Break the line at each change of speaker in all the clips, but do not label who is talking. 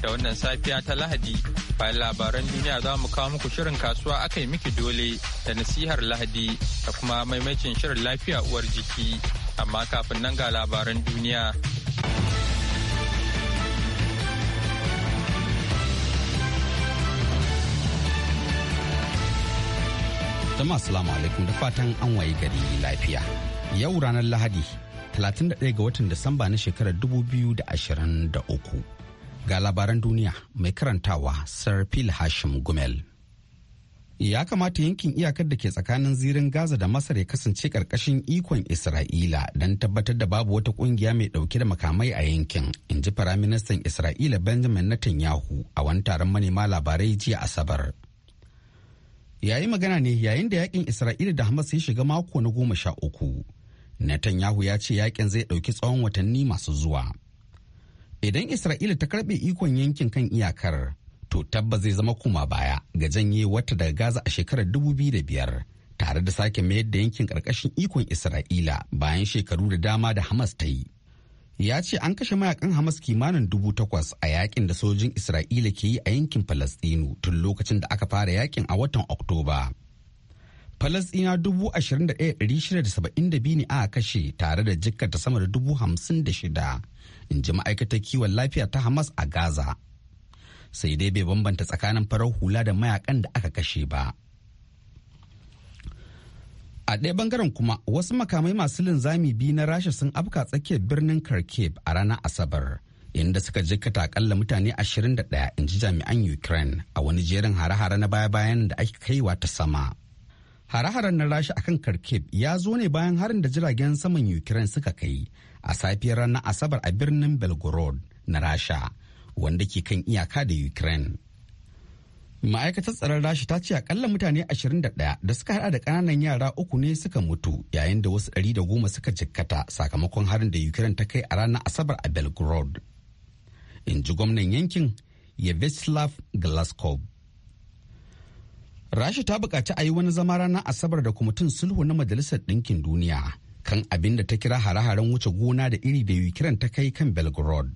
da wannan safiya ta Lahadi. Bayan labaran duniya za mu kawo muku shirin kasuwa aka yi miki dole da nasihar Lahadi da kuma maimacin shirin lafiya uwar jiki. Amma kafin nan ga labaran duniya.
Jama'a salamu alaikum da fatan an waye gari lafiya. Yau ranar Lahadi 31 ga watan Disamba na shekarar 2023. Ga labaran duniya mai karantawa Sir Phil Hashim Gumel. Ya kamata yankin iyakar da ke tsakanin zirin Gaza da Masar ya kasance karkashin ikon Isra'ila don tabbatar da babu wata ƙungiya mai ɗauke da makamai a yankin, in ji Firaministan Isra'ila Benjamin Netanyahu a wani taron manema labarai jiya Asabar. Yayi magana ne yayin da yakin Isra'ila da Hamas ya shiga mako na goma sha uku. Netanyahu ya ce yakin zai ɗauki tsawon watanni masu zuwa. Idan Isra'ila ta karbe ikon yankin kan iyakar, to tabba zai zama koma baya ga janye wata daga Gaza a shekarar dubu biyu da biyar. tare da sake mayar da yankin ƙarƙashin ikon Isra'ila bayan shekaru da dama da Hamas ta yi. Ya ce an kashe mayakan Hamas kimanin dubu takwas a yakin da sojin Isra'ila ke yi a yankin Falastinu tun lokacin da aka fara yakin a watan Oktoba. Falasɗina biyu ne aka kashe tare da jikkata sama da shida in ji ma'aikatar kiwon lafiya ta Hamas a Gaza. Sai dai bai bambanta tsakanin farar hula da mayakan da aka kashe ba. A ɗaya bangaren kuma wasu makamai masu linzami biyu na Rasha sun afka tsakiyar birnin Kharkiv a ranar Asabar. inda suka jikkata akalla mutane 21 in ji jami'an ukraine a wani jerin hare-hare na baya-bayan da ake kaiwa ta sama Hare-haren na Rasha akan Kharkiv ya zo ne bayan harin da jiragen saman Ukraine suka kai a safiyar ranar Asabar a birnin Belgorod na Rasha wanda ke kan iyaka da Ukraine. Ma'aikatar tsaron Rasha ta ce akalla mutane 21 da suka hada da kananan yara uku ne suka mutu yayin da wasu 110 suka jikkata sakamakon harin da Ukraine ta kai a ranar Asabar a Belgorod. In ji gwamnan yankin yevislav Glaskov. rasha ta bukaci a yi wani zama ranar asabar da kwamitin sulhu na majalisar ɗinkin duniya kan abin da ta kira hare-haren wuce gona da iri da ukraine ta kai kan belgorod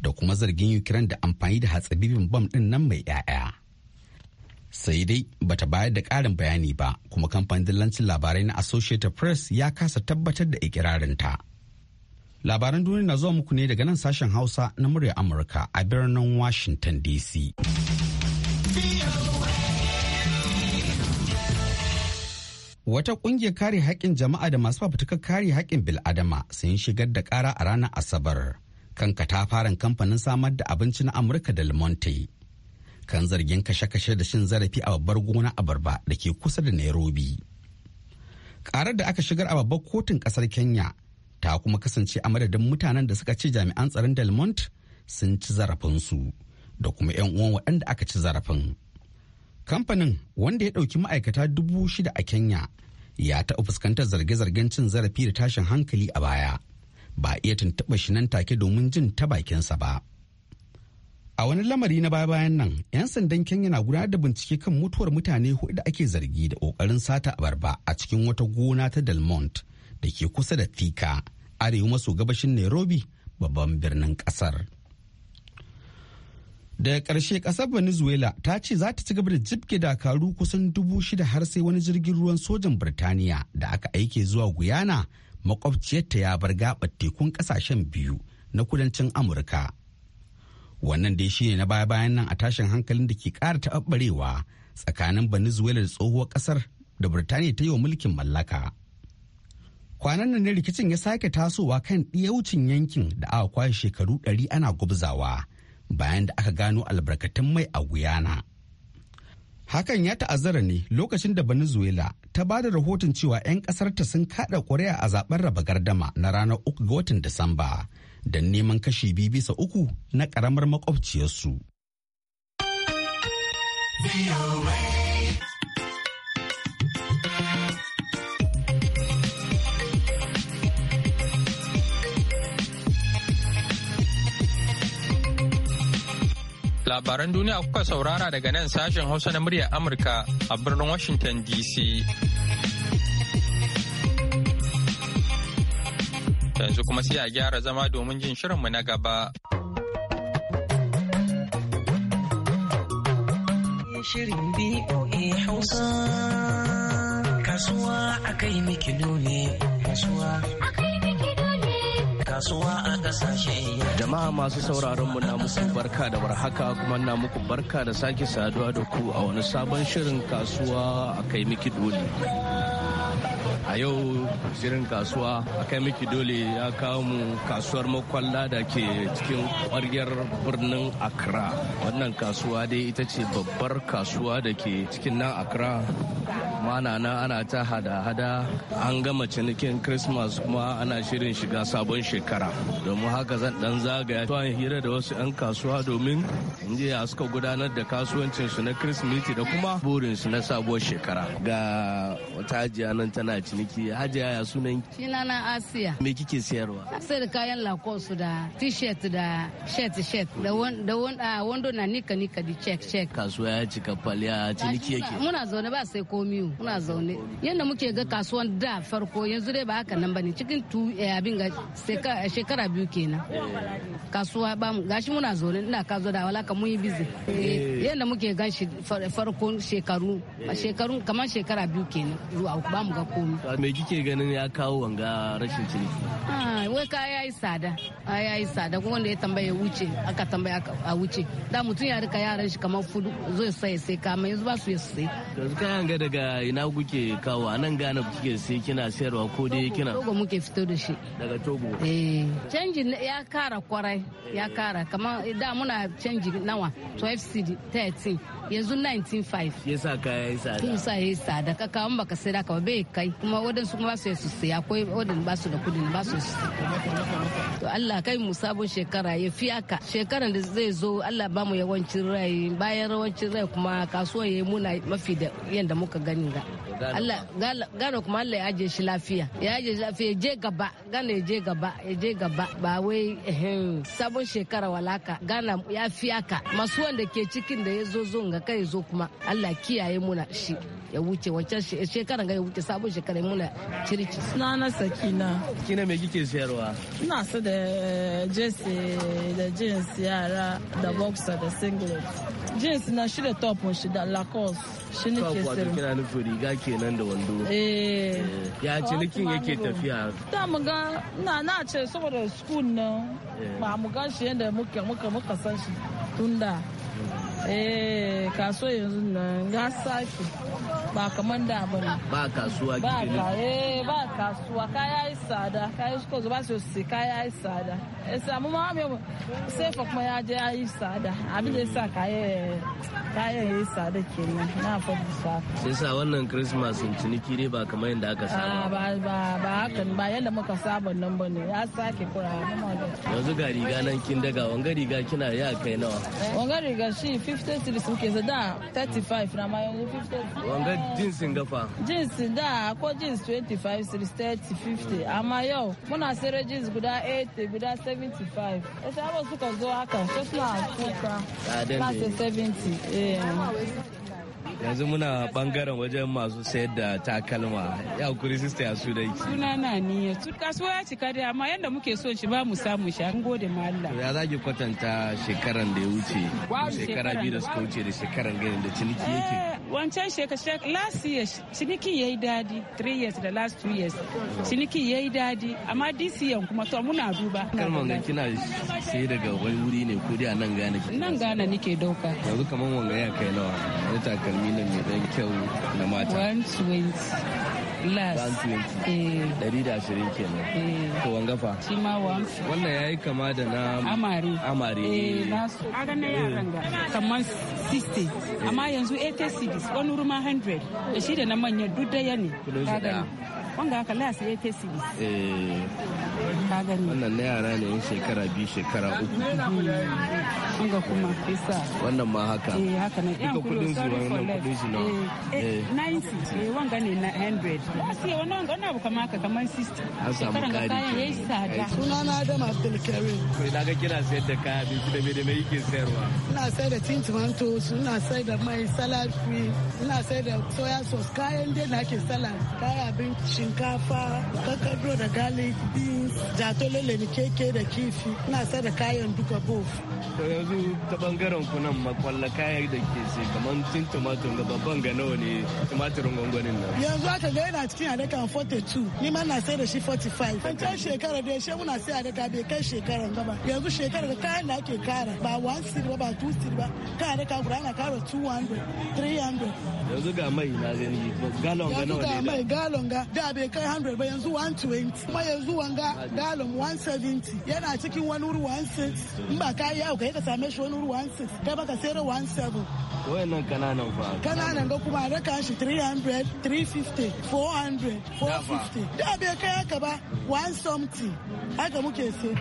da kuma zargin ukraine da amfani da hatsabibin bam ɗin nan mai 'ya'ya. sai dai bata bayar da karin bayani ba kuma kamfanin dillancin labarai na associated press ya kasa tabbatar da ikirarinta labaran duniya na zuwa muku ne daga nan sashen hausa na murya amurka a birnin washington dc Wata ƙungiyar kare haƙƙin jama'a da masu fafutukar kare haƙƙin bil'adama sun shigar da ƙara a ranar Asabar kan katafaren kamfanin samar da abinci na Amurka da Monte. Kan zargin kashe-kashe da shin zarafi a babbar gona a barba da ke kusa da Nairobi. Ƙarar da aka shigar a babbar kotun ƙasar Kenya ta kuma kasance a madadin mutanen da suka ce jami'an tsaron Delmont sun ci zarafinsu da kuma 'yan uwan waɗanda aka ci zarafin. kamfanin wanda ya ɗauki ma'aikata dubu shida a kenya ya taɓa fuskantar zarge-zargen cin zarafi da tashin hankali a baya ba iya tuntuɓa shi nan take domin jin ta bakinsa ba a wani lamari na baya bayan nan 'yan sandan kenya na gudanar da bincike kan mutuwar mutane hudu da ake zargi da ƙoƙarin sata abarba a cikin wata gona ta delmont da ke kusa da thika arewa maso gabashin nairobi babban birnin ƙasar daga ƙarshe ƙasar venezuela ta ce za ta ci gaba da jibge dakaru kusan dubu shida har sai wani jirgin ruwan sojan birtaniya da aka aike zuwa guyana makwabciyarta ya bar gaɓar tekun ƙasashen biyu na kudancin amurka wannan dai shine na baya bayan nan a tashin hankalin da ke ƙara taɓarɓarewa tsakanin venezuela da tsohuwar ƙasar da birtaniya ta yi wa mulkin mallaka kwanan nan ne rikicin ya sake tasowa kan ɗiyaucin yankin da aka kwashe shekaru ɗari ana gubzawa bayan da aka gano albarkatun mai a guyana hakan ya ta'azzara ne lokacin da venezuela ta ba da rahoton cewa 'yan kasarta sun kada ƙuri'a a zaben raba gardama na ranar uku ga watan disamba da neman kashi biyu bisa uku na ƙaramar makwabciyarsu.
labaran duniya kuka saurara daga nan sashen Hausa na muryar Amurka a birnin Washington DC. Yanzu kuma sai a gyara zama domin jin shirinmu na gaba.
Shirin
Hausa, kasuwa ne,
kasuwa kasuwa a kasashe jama'a
masu sauraron mu na musu barka da warhaka kuma na muku barka da sake saduwa da ku a wani sabon shirin kasuwa a kai miki doli yau shirin kasuwa kai miki dole ya kawo mu kasuwar makwalla da ke cikin kwaryar birnin accra wannan kasuwa dai ita ce babbar kasuwa da ke cikin nan accra mana na ana ta hada-hada an gama cinikin christmas kuma ana shirin shiga sabon shekara domin haka zan dan zagaya tuwan hira da wasu 'yan kasuwa domin inji a suka gudanar da kasuwancin su na christmas da kuma burin su na sabon shekara ga wata nan tana ciniki da ke hajiya ya sunan
ki na asiya
me kike siyarwa
sai da kayan lacoste da t-shirt da shirt shirt da ah, wando na nika nika di check check
kasuwa ya cika faliya ciniki yake
muna zaune ba sai komi muna zaune yanda muke ga kasuwan da farko yanzu dai ba haka nan bane cikin tu eh, abin ga shekara biyu kenan kasuwa ba mu gashi muna zaune ina zo da walaka mun yi bizi eh, yanda muke gan shi farkon shekaru shekaru kamar shekara biyu kenan zuwa ba mu ga komi
me kike ganin ya kawo wanga rashin ciniki
ah, wai ka yayi tsada yayi tsada kuma wanda ya tambaya wuce aka tambaya a wuce da mutum ya rika yaran shi kamar fudu zai sai sai kama yanzu ba su yi sai
yanzu kayan ga daga ina kuke kawo a nan gane kuke sai kina sayarwa ko dai kina togo
muke fito da shi daga togo eh canji ya kara kwarai ya kara kamar da muna canji nawa 12 cd 13 yanzu 195
yasa kaya yasa da yasa
yi da ka kawo baka sai da ka bai kai kuma wadansu kuma ba su su siya akwai wadan ba su da kudin ba su to Allah kai mu sabon shekara ya fi aka shekaran da zai zo Allah ba mu yawancin rai bayan yawancin rai kuma kasuwar yi muna mafi da yanda muka gani ga Allah gano kuma Allah ya aje shi lafiya ya aje shi lafiya je gaba gano ya je gaba ya je gaba ba wai sabon shekara walaka gana ya fi aka masu wanda ke cikin da ya zo zon ga kai zo kuma Allah kiyaye muna shi ya wuce wancan shekaran ga ya wuce sabon shekara muna cirici na na sakina
kina me kike siyarwa.
ina su da eh, jesi eh, da jeans yara da boxer da singlet jeans na shi da top shi da lacoste shi nake sayarwa wato
kina nufin riga kenan da wando eh, eh ya nikin yake tafiya
da mu ga na na ce saboda school na ba mu gan shi yadda muka muka muka san shi tun da é caçou yanzu na ba kamar da ba ne
ba kasuwa ba ka eh,
ba kasuwa kaya yi tsada kaya su ko ba su sai kaya yi tsada yasa eh, samu ma me sai fa kuma ya je yi tsada abin da yasa kaya kaya yi tsada kenan na fa sa
sai sa wannan christmas in ciniki dai ba kamar yadda aka saba
ah, ba ba ba hakan ba yadda muka saba nan ba ne ya sake kura
yanzu ga riga nan kin daga wanga riga kina ya kai nawa
wanga riga shi 53 suke da 35 na ma yanzu 50 wanga Eh.
jinsin gafa
jinsin da ko jins 25 30 50 amma yau muna sayar jins guda 80 guda 75 yasa suka zo haka sai suna kuka ah, ba 70
yanzu muna bangaren wajen masu sayar da takalma ya kuri sista ya su dai
suna na ni su kasuwa ya cika da amma yadda muke so shi ba mu samu shi an gode ma Allah
ya zaki kwatanta shekaran da ya wuce shekara biyu da suka wuce da shekaran ganin da ciniki yake
eh, wancan shekara last year ciniki yayi dadi 3 years da last 2 years ciniki yayi dadi amma this year kuma to muna duba kalman ga
kina sai daga wani wuri ne ko dai a nan gane
nan gane nike dauka
yanzu kaman wanga ya kai nawa ne takalmi abin ne dan kyau na mata
120 glass
120 kenan eh. to wangafa shi ma wannan yayi kama da na amare amare eh nasu
aga na yaran ga eh. kaman 60 eh. amma yanzu 80 wani ruma 100 da shi da na manyan duk daya ne wanda haka la sai ta sibi
eh ka gani wannan na yara ne yan shekara biyu shekara uku
wanga kuma isa
wannan ma haka eh haka ne yan kudin su wannan kudin su na
eh 90 eh, eh. eh wanga ne na 100 sai wannan wanga na buka haka kamar 60
an samu kari kayan yayi
sada suna na Adam
Abdul Karim
to ina ga kira sai da kaya abinci da me da me yake sayarwa
ina sai da tin tomato suna sai da mai salad fi ina sai da soya sauce kayan da nake salad kaya binci shinkafa kakado da garlic beans jatolele ni keke da kifi na sa da kayan duka bof
to yanzu ta bangaren ku nan makwalla kayan da ke sai kamar tin tomato da babban ga nawa ne tumaturin gwangwanin nan
yanzu aka ga yana cikin adakan 42 ni ma na sai da shi 45 an can shekara da yashe muna sai adaka bai kai shekaran gaba yanzu shekara da kayan da ake kara ba one sir ba ba two sir ba kayan adaka guda ana kara 200 300
yanzu ga mai na gani galon ga nawa ne da mai
galon ga da bai kai 100 ba yanzu 120 kuma yanzu wanga galon 170 yana cikin wani ruwa 16 in ba ka yi yau ka yi ka same shi wani ruwa 16 kai baka sayar 17 wayannan kananan ba kananan ga kuma da raka shi 300 350 400 450 da bai kai haka ba one something haka muke sai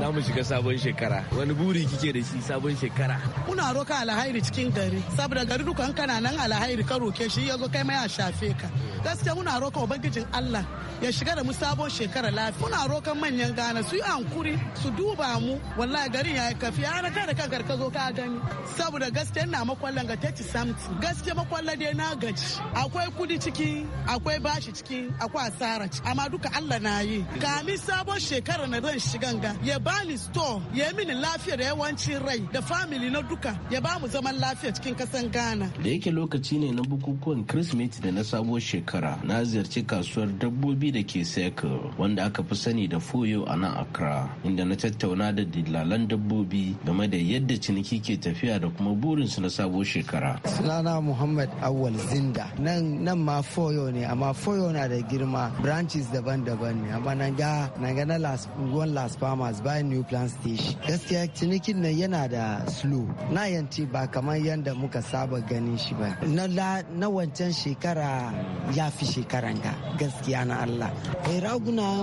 za mu shiga sabon shekara wani buri kike da shi sabon shekara
kuna roka alhairi cikin gari saboda gari dukan kana nan alhairi ka roke shi yazo kai mai a shafe ka gaskiya muna roka ubangijin Allah ya shiga da mu sabon shekara lafiya muna rokan manyan gana su yi hankuri su duba mu wallahi garin ya yi kafi ya na kada kanka ka zo ka gani saboda gaskiya na makwallon ga tace samti gaskiya makwallon dai na gaji akwai kudi ciki akwai bashi ciki akwai asara ciki amma duka Allah na yi kamin sabon shekara na zan shigan ga ya bani store ya mini lafiya da yawancin rai da family na duka ya ba mu zaman lafiya cikin kasan gana
da yake lokaci ne na bukukuwan Kirsimeti da na sabon shekara na ziyarci kasuwar kasuwar dabbobi da ke Sekir wanda aka fi sani da Foyo a nan Accra inda na tattauna da dillalan dabbobi game da yadda ciniki ke tafiya da kuma burinsu na sabo shekara.
Sunana Muhammad Awal Zinda nan nan ma Foyo ne amma Foyo na da girma branches daban-daban ne amma na ga nan ga na Las Unguwan Las Palmas New plant Station. Gaskiya cinikin nan yana da slow na yanti ba kamar yadda muka saba ganin shi ba. Na wancan shekara ya fi shekaran ga. gaskiya na Allah eh raguna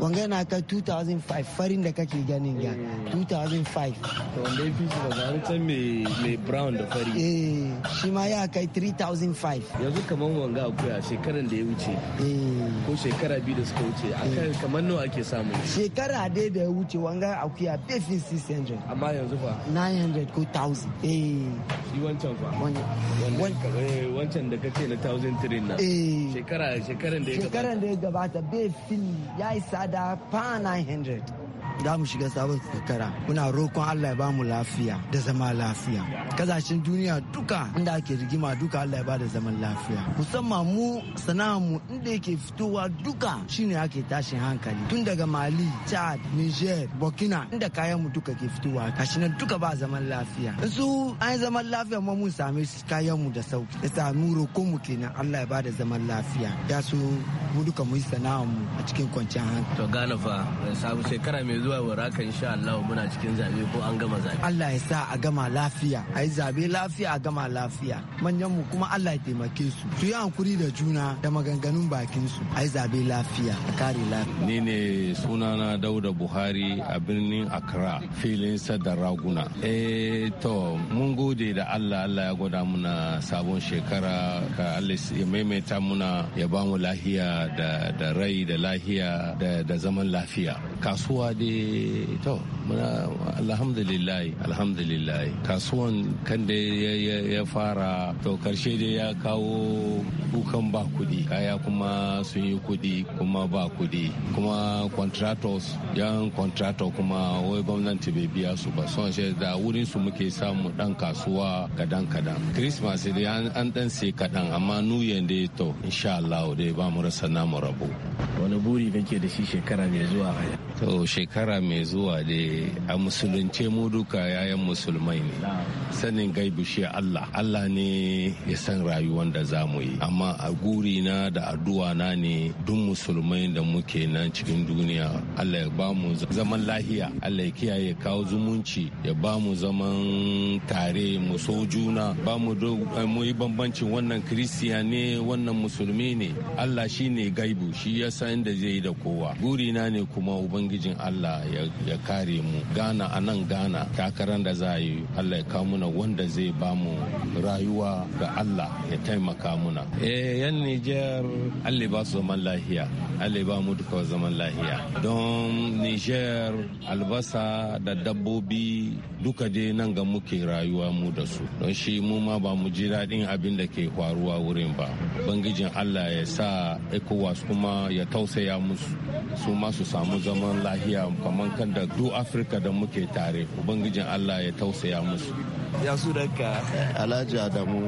wanga na ka 2005 farin da kake ganin ga 2005
to wanda ya fi su da zarutan mai brown da fari eh shi ma ya kai
3005
yanzu kamar wanga akuya shekaran da ya wuce Eh. ko shekara biyu da suka wuce akan eh. kamar nawa ake samu
shekara dai da ya wuce wanga akuya befin 600
amma yanzu fa 900 ko 1000 eh shi wancan fa wancan eh, da kake na 1000 train na eh. shekara shekaran shekaran
da ya gabata bai fil ya yi pa 900 za mu shiga sabon shekara muna roƙon allah ya ba mu lafiya da zama lafiya kasashen duniya duka inda ake rigima duka allah ya ba da zaman lafiya musamman mu mu inda yake fitowa duka shine ake tashin hankali tun daga mali chad niger burkina inda kayan mu duka ke fitowa kashi nan duka ba zaman lafiya su an zaman lafiya ma mun same su kayan mu da sauki ya samu roƙon mu kenan allah ya ba da zaman lafiya ya so mu duka mu yi mu a cikin
kwanciyar hankali to gane fa sabu shekara mai zuwa waraka sha Allah muna cikin zabe ko an gama zabe
Allah ya sa a gama lafiya a yi zabe lafiya a gama lafiya manyan mu kuma Allah ya taimake su su yi hankuri da juna da maganganun bakin su a yi zabe lafiya a kare
lafiya ni ne sunana Dauda Buhari a birnin Accra filin sadar raguna eh to mun gode da Allah Allah ya gwada muna sabon shekara ka Allah ya maimaita muna ya ba mu lahiya da rai da lahiya da zaman lafiya kasuwa dai Eh, to muna alhamdulillah alhamdulillah kasuwan kan da ya fara to karshe dai ya kawo kukan ba kudi kaya kuma sun yi kudi kuma ba kudi kuma contractors yan contractor kuma wai gwamnati bai biya su ba son shi da wurin su muke samu dan kasuwa kadan kadan christmas dai an dan sai kadan amma nuyen dai to insha Allah dai ba mu rasa namu rabo
wani buri kake
da shi shekara mai zuwa to shekara shekara mai zuwa da a musulunce mu duka yayan musulmai ne sanin gaibu shi Allah Allah ne ya san rayuwar da za mu yi amma a guri na da addu'a na ne duk musulmai da muke nan cikin duniya Allah ya ba zaman lahiya Allah ya kiyaye kawo zumunci ya ba mu zaman tare mu so juna ba mu yi bambanci wannan kiristiya ne wannan musulmi ne Allah shi ne gaibu shi ya san da zai yi da kowa guri na ne kuma ubangijin Allah Allah ya kare mu gana a nan gana takarar da za a yi Allah ya kawo muna wanda zai ba mu rayuwa ga Allah ya taimaka muna eh yan Niger Allah ba su zaman lahiya Allah ba mu duka zaman lahiya don Niger albasa da dabbobi duka dai nan ga muke rayuwa mu da su don shi mu ma ba mu ji daɗin abin da ke faruwa wurin ba bangijin Allah ya sa ECOWAS kuma ya tausaya musu su ma su samu zaman lahiya kamar kan da du afirka da muke tare ubangijin
allah ya tausaya musu
ya su daga
alhaji adamu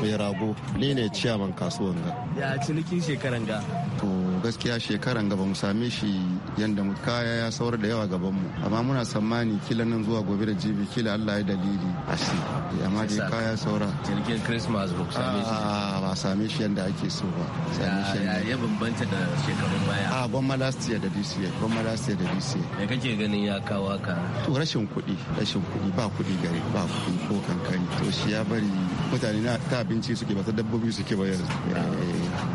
mai rago ne ne ciyaman kasuwan ga
ya cinikin shekaran ga
to gaskiya shekaran ga ba mu same shi yadda mu kaya ya saura da yawa gaban mu amma muna tsammani kila nan zuwa gobe da jibi kila Allah ya dalili a shi eh, amma dai kaya saura
jirgin christmas book same shi ah, ba
same shi yadda ake so ba same shi yadda ya bambanta da shekarun baya a ah, gwamma last year da this year gwamma last year da this year me kake ganin ya kawo ka to rashin kuɗi rashin kuɗi ba kuɗi gari ba kuɗi yaushe ya bari mutane na ta abinci suke ba ta dabbobi suke ba yanzu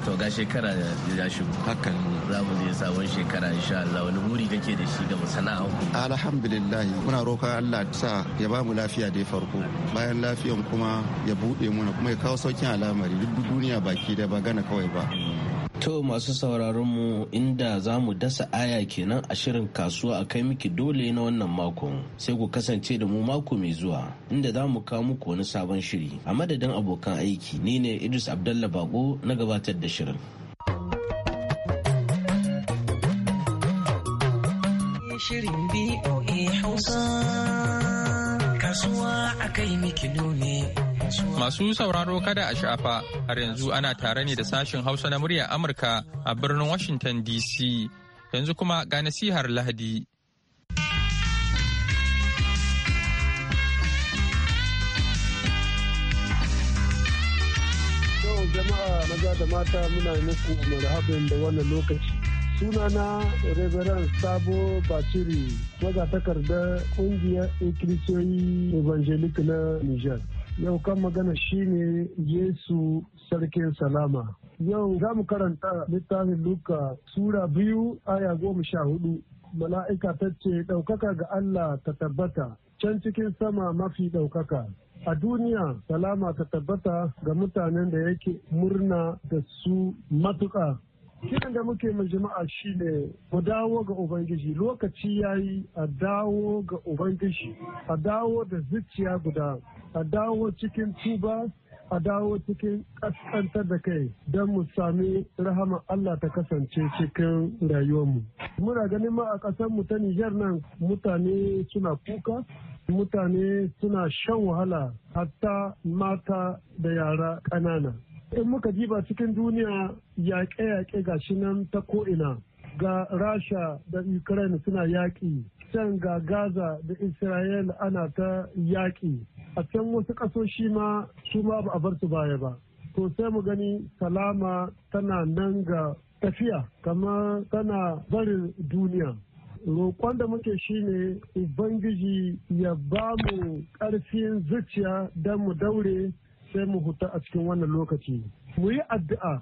to ga shekara ya shigo hakan za mu je sabon
shekara insha Allah wani buri kake da shi ga masana'a
alhamdulillah muna roƙon Allah sa ya ba mu lafiya da farko bayan lafiyan kuma ya buɗe muna kuma ya kawo saukin al'amari duk duniya baki da ba gana kawai ba To masu sauraron mu inda za mu
dasa aya kenan a shirin kasuwa a kai miki dole na wannan makon sai ku kasance da mu mako mai zuwa inda za mu kawo muku wani sabon shiri a madadin abokan aiki ni ne Idris Abdallah Bako na gabatar da shirin.
Shirin BOA Hausa
kasuwa a kai miki dole.
Masu sauraro kada a shafa har yanzu ana tare ne da sashin Hausa na murya Amurka a birnin Washington DC. Yanzu kuma ga nasihar Lahadi.
Yau jama'a maza da mata muna muku marhabin da wannan lokaci. sunana reverend sabo baciri waza takardar kungiyar ikirisiyoyi na niger yau kan magana shine Yesu sarkin salama. Yau za mu karanta littafin Luka Sura biyu aya goma sha hudu. Mala'ika ta ce ɗaukaka ga Allah ta tabbata, can cikin sama mafi ɗaukaka. A duniya salama ta tabbata ga mutanen da yake murna da su matuƙa kiran da muke mai jama'a shine mu dawo ga ubangiji lokaci yayi a dawo ga ubangiji a dawo da zuciya guda a dawo cikin tuba a dawo cikin kaskantar da kai don mu sami rahama Allah ta kasance cikin rayuwarmu. Muna ganin ma a ƙasar mu ta Nijar nan mutane suna kuka, mutane suna shan wahala hatta mata da yara ƙanana. in muka jiba cikin duniya yaƙe-yaƙe ga shi nan ta ko'ina ga rasha da ukraine suna yaƙi can ga gaza da israel ana ta yaƙi a can wasu ƙasoshi ma su ma ba a bar su baya ba to sai mu gani salama tana nan ga tafiya kama tana barin duniya roƙon da muke shine ubangiji ya ba mu ƙarfin zuciya don mu daure sai mu huta a cikin wannan lokaci mu yi addu'a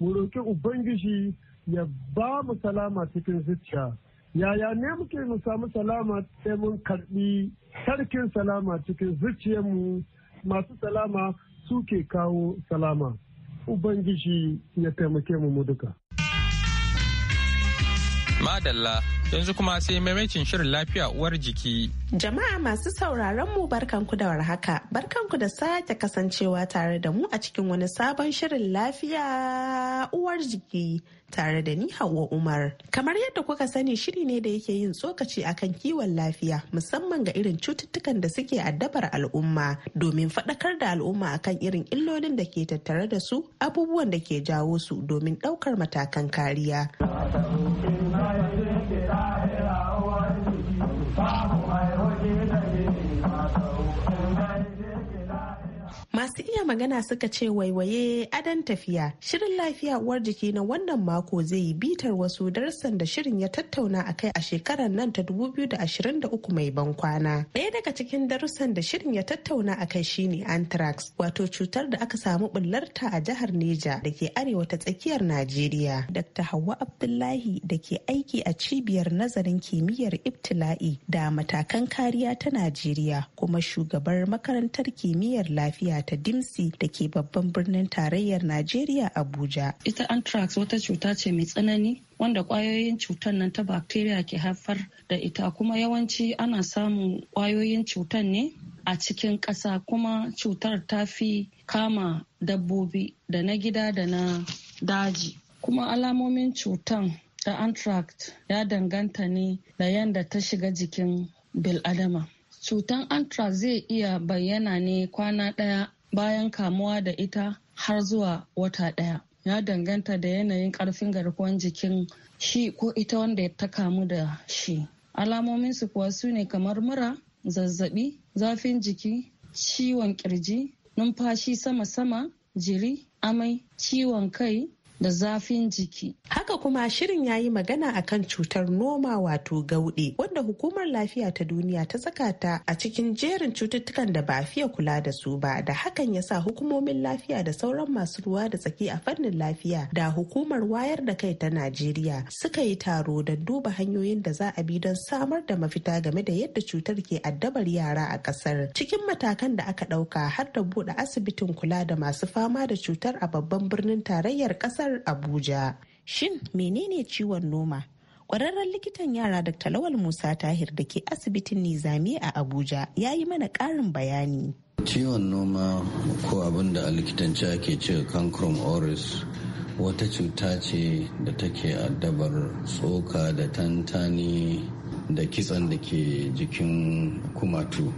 mu roƙi ubangiji ya ba mu salama cikin zuciya yaya ne muke mu samu salama sai mun karɓi sarkin salama cikin zuciyarmu masu salama suke kawo salama ubangiji ya taimake mu mu duka
madalla yanzu kuma sai maimacin shirin lafiya uwar jiki.
Jama'a masu sauraron mu barkanku da warhaka, barkanku da sake kasancewa tare da mu a cikin wani sabon shirin lafiya uwar jiki. Tare da ni Hauwa Umar. Kamar yadda kuka sani shiri ne da yake yin tsokaci akan kiwon lafiya musamman ga irin cututtukan da suke addabar al'umma domin faɗakar da al'umma akan irin illolin da ke tattare da su abubuwan da ke jawo su domin ɗaukar matakan kariya. Masu iya magana suka ce waiwaye adan tafiya. Shirin lafiya uwar jiki na wannan mako zai yi bitar wasu darsan da shirin ya tattauna a kai a shekarar nan ta 2023 mai ban kwana. Ɗaya daga cikin darussan da shirin ya tattauna a kai shine anthrax wato cutar da aka samu bullarta a jihar Neja da ke arewa ta tsakiyar Najeriya. Dr. Hauwa Abdullahi da ke aiki a cibiyar nazarin kimiyyar ibtila'i da matakan kariya ta Najeriya kuma shugabar makarantar kimiyyar lafiya ta dimsi da ke babban birnin tarayyar
najeriya abuja ita anthrax wata cuta ce mai tsanani wanda kwayoyin cutar nan ta bacteria ke haifar da ita kuma yawanci ana samun kwayoyin cutar ne a cikin ƙasa kuma cutar ta fi kama dabbobi da na gida da na daji kuma alamomin cutar ta anthrax ya danganta ne da yadda ta shiga jikin bil'adama cutan anthrax zai iya bayyana ne kwana ɗaya bayan kamuwa da ita har zuwa wata ɗaya ya danganta da yanayin ƙarfin garkuwan jikin shi ko ita wanda ta kamu da shi alamominsu kuwa su ne kamar mura zazzabi zafin jiki ciwon kirji numfashi sama-sama jiri amai ciwon kai da zafin jiki. Haka kuma shirin ya yi magana a kan
cutar noma wato gauɗe wanda hukumar lafiya ta duniya ta saka ta a cikin jerin cututtukan da ba a fiye kula da su ba da hakan ya sa hukumomin lafiya da sauran masu ruwa da tsaki a fannin lafiya da hukumar wayar da kai ta Najeriya suka yi taro da duba hanyoyin da za a bi don samar da mafita game da yadda cutar ke addabar yara a ƙasar. Cikin matakan da aka ɗauka har da buɗe asibitin kula da masu fama da cutar a babban birnin tarayyar ƙasar jihar Abuja. Shin menene ciwon noma? Kwararren likitan yara Dr. Lawal Musa Tahir da ke asibitin Nizami a Abuja ya yi mana ƙarin bayani.
Ciwon noma ko abin da a likitance ake ce cancrum oris wata cuta ce da take addabar tsoka da tantani da kitsan da ke jikin kumatu.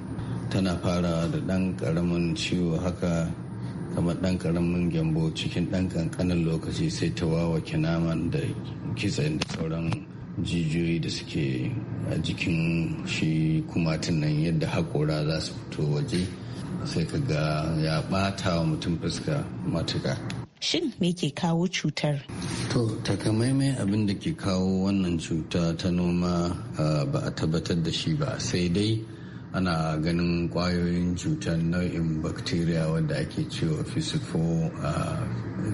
Tana fara da ɗan ƙaramin ciwo haka kamar ɗan karamin gyambo cikin ɗan ƙanƙanin lokaci sai ta wawake naman da kitsayin da sauran jijiyoyi da suke a jikin shi kumatin nan yadda haƙora za su fito waje sai ka ga ya ɓata wa mutum fuska matuka.
Shin me ke kawo cutar?
To, takamaimai abin da ke kawo wannan cuta ta noma ah, ba a tabbatar da shi ba sai dai ana ganin kwayoyin cutar nau'in bacteria wadda ake cewa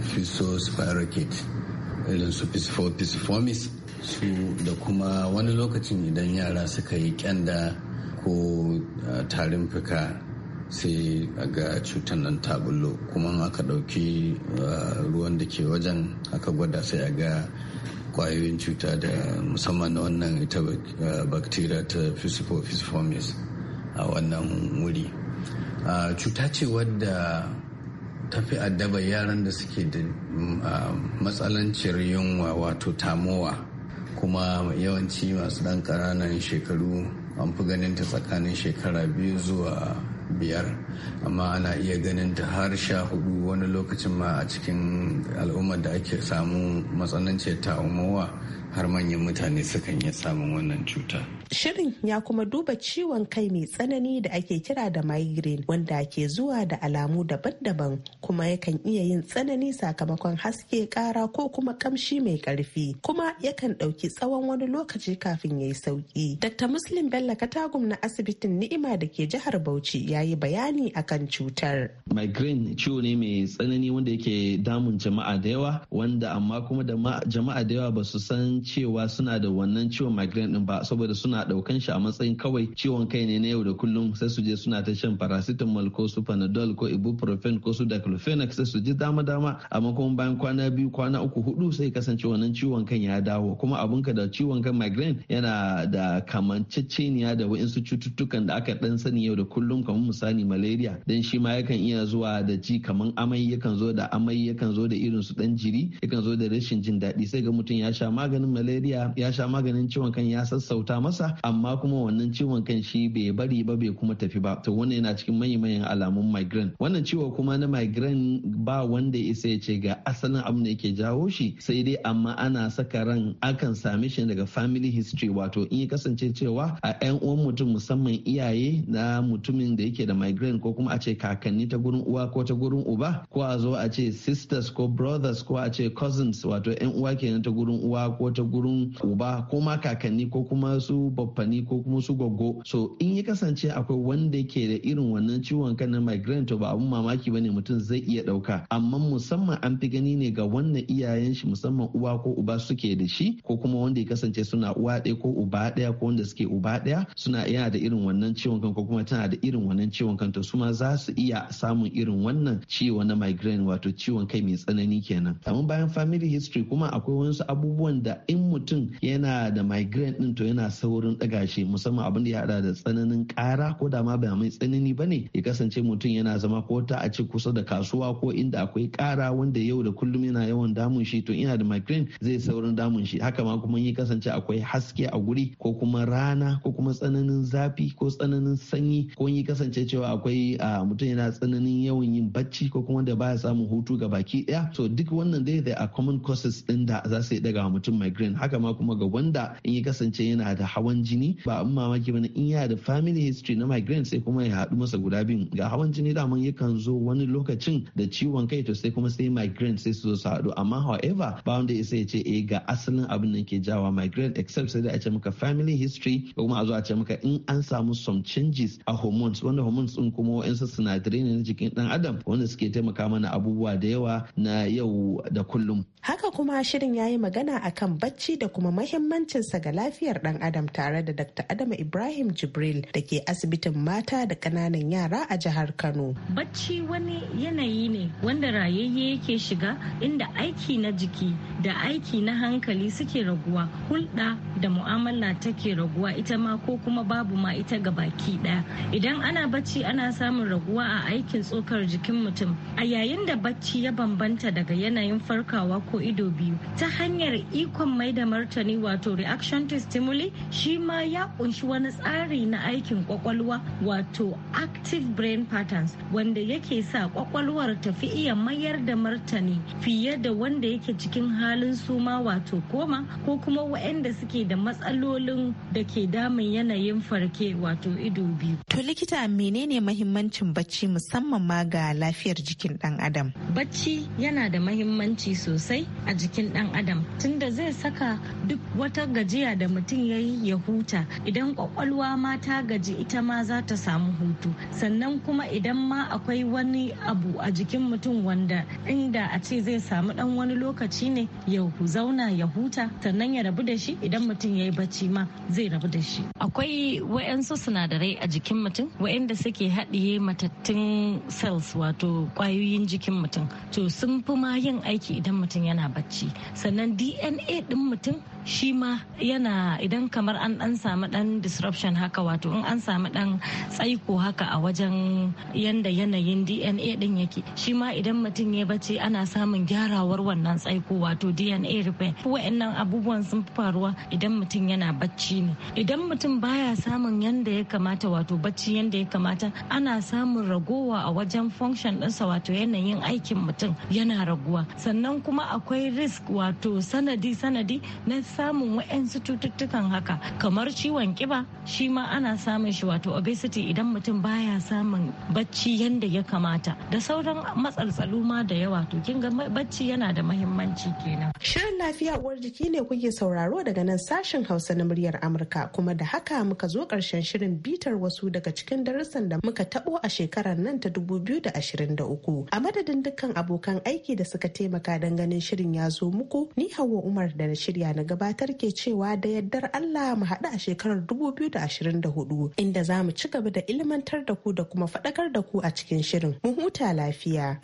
physospirocate uh, irin su su da kuma wani lokacin idan yara suka yi kyanda ko uh, tarin fuka sai ga cutar nan ta bullo kuma aka ɗauki uh, ruwan da ke wajen aka gwada sai a ga kwayoyin cuta da musamman wannan ita bacteria ta physiformis a wannan wuri cuta ce wadda ta fi addaba yaran da suke da matsalancin yunwa wato tamowa kuma yawanci masu ɗan ƙananan shekaru an fi ganin ta tsakanin shekara biyu zuwa biyar amma ana iya ganin ta har sha hudu wani lokacin ma a cikin al'ummar da ake samu ta tamowa. har manyan mutane sukan iya samun wannan cuta.
Shirin ya kuma duba ciwon kai mai tsanani da ake kira da migraine wanda ke zuwa da alamu daban-daban kuma yakan iya yin tsanani sakamakon haske kara ko kuma kamshi mai karfi kuma yakan ɗauki tsawon wani lokaci kafin ya yi sauki. Dr. Muslim Bello Katagum na asibitin Ni'ima da ke jihar Bauchi ya yi bayani akan cutar.
Migraine ciwo ne mai tsanani wanda yake damun jama'a da yawa wanda amma kuma da jama'a da yawa ba su san cewa suna da wannan ciwon migraine din ba saboda suna daukan shi a matsayin kawai ciwon kai ne na yau da kullum sai su je suna ta shan paracetamol ko su panadol ko ibuprofen ko su diclofenac sai su ji dama dama amma kuma bayan kwana biyu kwana uku hudu sai kasance wannan ciwon kan ya dawo kuma abun ka da ciwon kan migraine yana da kamanceceniya da wa'insu cututtukan da aka dan sani yau da kullum kamar misali malaria dan shi ma yakan iya zuwa da ji kamar amai yakan zo da amai yakan zo da irin su dan jiri yakan zo da rashin jin daɗi sai ga mutum ya sha maganin malaria ya sha maganin ciwon kan ya sassauta masa amma kuma wannan ciwon kan shi bai bari ba bai kuma tafi ba to wannan yana cikin manyan manyan alamun migraine wannan ciwo kuma na migraine ba wanda ya isa ya ce ga asalin abin da yake jawo shi sai dai amma ana saka ran akan same shi daga family history wato in ya kasance cewa a 'yan uwan mutum musamman iyaye na mutumin da yake da migraine ko kuma a ce kakanni ta gurin uwa ko ta gurin uba ko a zo a ce sisters ko brothers ko a ce cousins wato 'yan uwa kenan ta gurin uwa ko ta gurin uba ko ma kakanni ko kuma su baffani ko kuma su gwaggo so in ya kasance akwai wanda ke da irin wannan ciwon kan na migraine to ba abun mamaki bane mutum zai iya dauka amma musamman an fi gani ne ga wannan iyayen shi musamman uwa ko uba suke da shi ko kuma wanda ya kasance suna uwa ɗaya ko uba ɗaya ko wanda suke uba ɗaya suna yana da irin wannan ciwon kan ko kuma tana da irin wannan ciwon kan to su ma za su iya samun irin wannan ciwo na migraine wato ciwon kai mai tsanani kenan amma bayan family history kuma akwai wasu abubuwan da in mutum yana da migraine din to yana saurin daga shi musamman abin da ya hada da tsananin kara ko da ma ba mai tsanani ba ne ya kasance mutum yana zama ko ta a ce kusa da kasuwa ko inda akwai kara wanda yau da kullum yana yawan damun shi to ina da migraine zai saurin damun shi haka ma kuma ya kasance akwai haske a guri ko kuma rana ko kuma tsananin zafi ko tsananin sanyi ko ya kasance cewa akwai mutum yana tsananin yawan yin bacci ko kuma da baya samun hutu ga baki daya to duk wannan dai da a common causes din da za su yi daga mutum migraine migraine haka ma kuma ga wanda in ya kasance yana da hawan jini ba in mamaki bane in yana da family history na migraine sai kuma ya haɗu masa guda biyun ga hawan jini daman yakan zo wani lokacin da ciwon kai to sai kuma sai migraine sai su zo su haɗu amma however ba wanda ya sai ya ce eh ga asalin abin da ke jawa migraine except sai da a ce maka family history ko kuma a zo a ce maka in an samu some changes a hormones wanda hormones din kuma su sinadarai ne na jikin dan adam wanda suke taimaka mana abubuwa da yawa na yau da kullum
haka kuma shirin yayi magana akan bacci da kuma mahimmancinsa ga lafiyar ɗan adam tare da Dr. Adama Ibrahim Jibril da ke asibitin mata da kananan yara a jihar Kano.
Bacci wani yanayi ne wanda rayayye yake shiga inda aiki na jiki da aiki na hankali suke raguwa hulɗa da mu'amala take raguwa ita ma ko kuma babu ma ita ga baki ɗaya. Idan ana bacci ana samun raguwa a aikin tsokar jikin mutum. A yayin da bacci ya bambanta daga yanayin farkawa ko ido biyu ta hanyar ikon mai da martani wato reaction to stimuli shi ma ya kunshi wani tsari na aikin kwakwalwa wato active brain patterns wanda yake sa kwakwalwar tafi iya mayar da martani fiye da wanda yake cikin halin suma wato koma ko kuma waɗanda suke da matsalolin da ke damun yanayin farke wato ido biyu. To likita menene
mahimmancin bacci musamman ma ga lafiyar jikin ɗan adam?
Bacci yana da mahimmanci sosai a jikin ɗan adam tunda zai sa saka duk wata gajiya da mutum ya yi ya huta idan kwakwalwa ma ta gaji ita ma za ta samu hutu sannan kuma idan ma akwai wani abu a jikin mutum wanda inda a ce zai samu dan wani lokaci ne ya zauna ya huta sannan ya rabu da shi idan mutum ya yi bacci ma zai rabu da shi akwai wayansu sinadarai a jikin mutum wayanda suke haɗiye matattun cells wato kwayoyin jikin mutum to sun fi ma yin aiki idan mutum yana bacci sannan dna kuɗin mutum shi ma yana idan kamar an dan samu dan disruption haka wato in an samu dan tsaiko haka a wajen yanda yanayin dna din yake shi ma idan mutum ya bace ana samun gyarawar wannan tsaiko wato dna repair wa'annan abubuwan sun fi faruwa idan mutum yana bacci ne idan mutum baya samun yanda ya kamata wato bacci yanda ya kamata ana samun ragowa a wajen function ɗinsa wato yanayin aikin mutum yana raguwa sannan kuma akwai risk wato sanadi sanadi na samun wa'yansu cututtukan haka kamar ciwon kiba shi ma ana samun shi wato obesity idan mutum baya samun bacci yanda ya kamata da sauran matsaltsalu ma da yawa to kin ga bacci yana da mahimmanci kenan
shirin lafiya uwar jiki ne kuke sauraro daga nan sashen hausa na muryar amurka kuma da haka muka zo karshen shirin bitar wasu daga cikin darussan da muka tabo a shekarar nan ta 2023 a madadin dukkan abokan aiki da suka taimaka don ganin shirin ya zo muku ni hawa umar da na shirya na gaba gabatar ke cewa da yardar Allah mu haɗu a shekarar 2024 inda za mu ci gaba da ilmantar da ku da kuma faɗakar da ku a cikin shirin. Mu huta lafiya.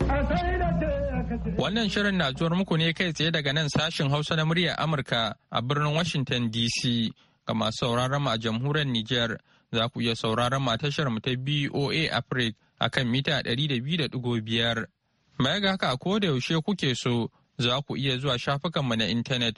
Wannan shirin na zuwar muku ne kai tsaye daga nan sashin Hausa na muryar Amurka a birnin Washington DC ga masu sauraron mu a jamhuriyar Nijar za ku iya sauraron mu a tashar mu ta BOA Africa a kan mita 200.5. Mai ga haka ko da yaushe kuke so za ku iya zuwa shafukanmu na intanet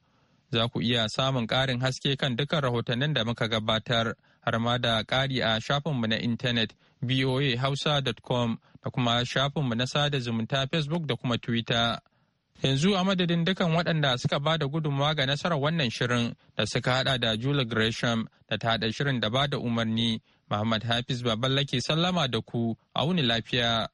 Za ku iya samun ƙarin haske kan dukkan rahotannin da muka gabatar har ma da kari a shafinmu na intanet voahausa.com da kuma shafinmu na sada zumunta Facebook da kuma Twitter. Yanzu a madadin dukan waɗanda suka ba da gudunmawa ga nasarar wannan shirin da suka haɗa da Julie Gresham da ta haɗa shirin da ba da umarni, Muhammad Hafiz Baballa ke sallama da ku, a wuni lafiya.